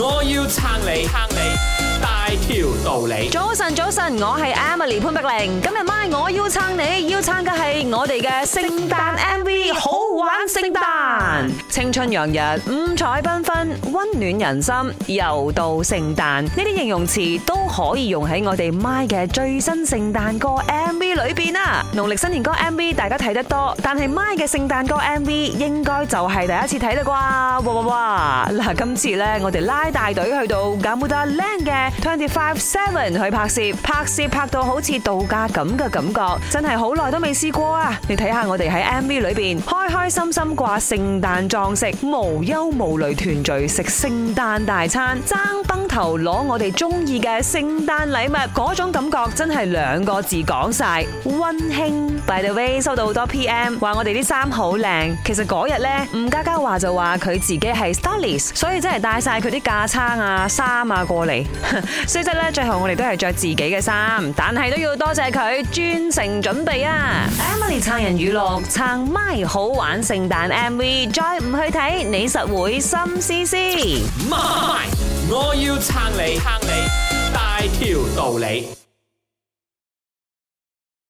我要撐你撐你大條道理。早晨早晨，我係 Emily 潘碧玲。今日 MY 我要撐你要撐嘅係我哋嘅聖誕 MV，好玩聖誕，青春洋溢，五彩繽紛，溫暖人心。又到聖誕，呢啲形容詞都可以用喺我哋 MY 嘅最新聖誕歌 MV 裏面啦。農曆新年歌 MV 大家睇得多，但係 MY 嘅聖誕歌 MV 應該就係第一次睇啦啩？嗱，今次咧我哋拉。大隊去到柬埔寨靚嘅 twenty five seven 去拍攝，拍攝拍到好似度假咁嘅感覺，真係好耐都未試過啊！你睇下我哋喺 MV 裏邊開開心心掛聖誕裝飾，無憂無慮團聚食聖誕大餐，爭崩頭攞我哋中意嘅聖誕禮物，嗰種感覺真係兩個字講晒温馨。By the way，收到好多 PM 話我哋啲衫好靚，其實嗰日呢，吳嘉嘉話就話佢自己係 stylist，所以真係帶晒佢啲架。撐啊衫啊過嚟，雖則咧，最後我哋都係着自己嘅衫，但係都要多謝佢專誠準備啊！Emily 撐人娛樂撐 My 好玩聖誕 MV，再唔去睇你實會心思思。My 我要撐你，撐你大條道理。